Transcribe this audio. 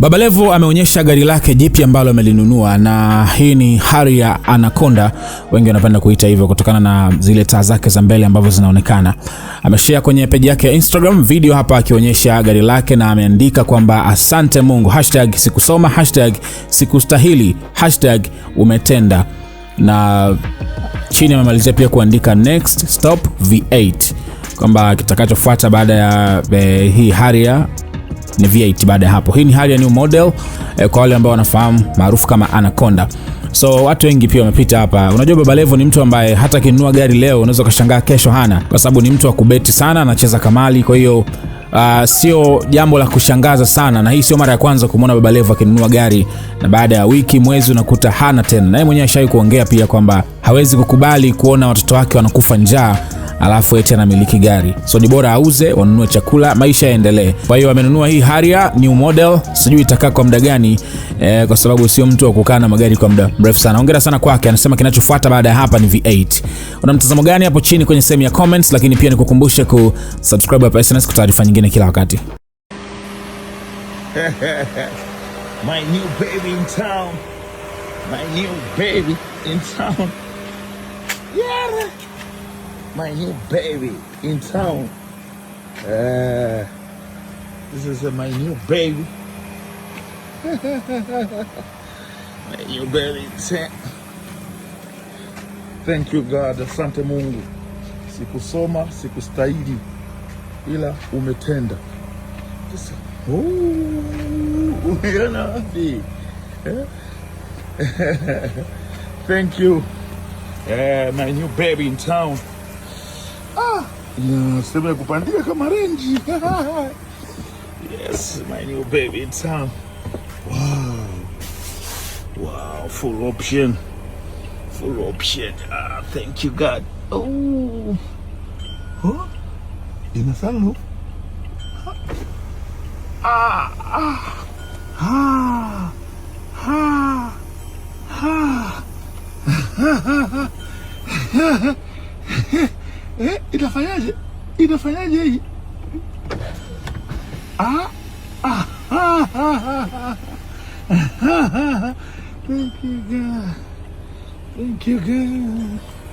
Baba Levo ameonyesha gari lake jipya ambalo amelinunua na hii ni Harrier Anaconda, wengi wanapenda kuita hivyo kutokana na zile taa zake za mbele ambazo zinaonekana. Ameshare kwenye peji yake ya Instagram video hapa akionyesha gari lake na ameandika kwamba asante Mungu, hashtag sikusoma, hashtag sikustahili, hashtag umetenda, na chini amemalizia pia kuandika next stop V8, kwamba kitakachofuata baada ya eh, hii Harrier ni V8 baada ya hapo. Hii ni hali ya new model e, kwa wale ambao wanafahamu maarufu kama Anaconda. So watu wengi pia wamepita hapa. Unajua, Baba Levo ni mtu ambaye hata kinunua gari leo unaweza ukashangaa kesho hana, kwa sababu ni mtu wa kubeti sana, anacheza kamali, kwa hiyo Uh, sio jambo la kushangaza sana, na hii sio mara ya kwanza kumwona Baba Levo akinunua gari na baada ya wiki mwezi unakuta hana tena. Naye mwenyewe ashawahi kuongea pia kwamba hawezi kukubali kuona watoto wake wanakufa njaa alafu eti anamiliki gari, so ni bora auze, wanunue chakula, maisha yaendelee. Kwa hiyo amenunua hii Harrier new model, sijui itakaa kwa muda gani eh, kwa sababu sio mtu wa kukaa na magari kwa muda mrefu sana. Hongera sana kwake. Anasema kinachofuata baada ya hapa ni V8. Una mtazamo gani hapo chini kwenye sehemu ya comments, lakini pia nikukumbushe kusubscribe hapa SnS kwa taarifa nyingine kila wakati. My new baby in town. My new baby in town. Yeah my new baby in town. Uh, this is uh, my new baby. my new baby in town. Thank you God, asante Mungu. Sikusoma, sikustahili ila umetenda. Sasa, Thank you. Uh, my new baby in town. Sema kupandia kama renji. Yes, my new baby, in town. Uh, wow. Wow, full option. Full option. Ah, thank you God. Oh. Huh? Ina salon? Ah, Ha. Ha. Ha. Ha. eh, itafanyaje? Itafanyaje hii? Ah ah ah, ah, ah, ah, ah, ah, ah, Thank you God. Thank you God.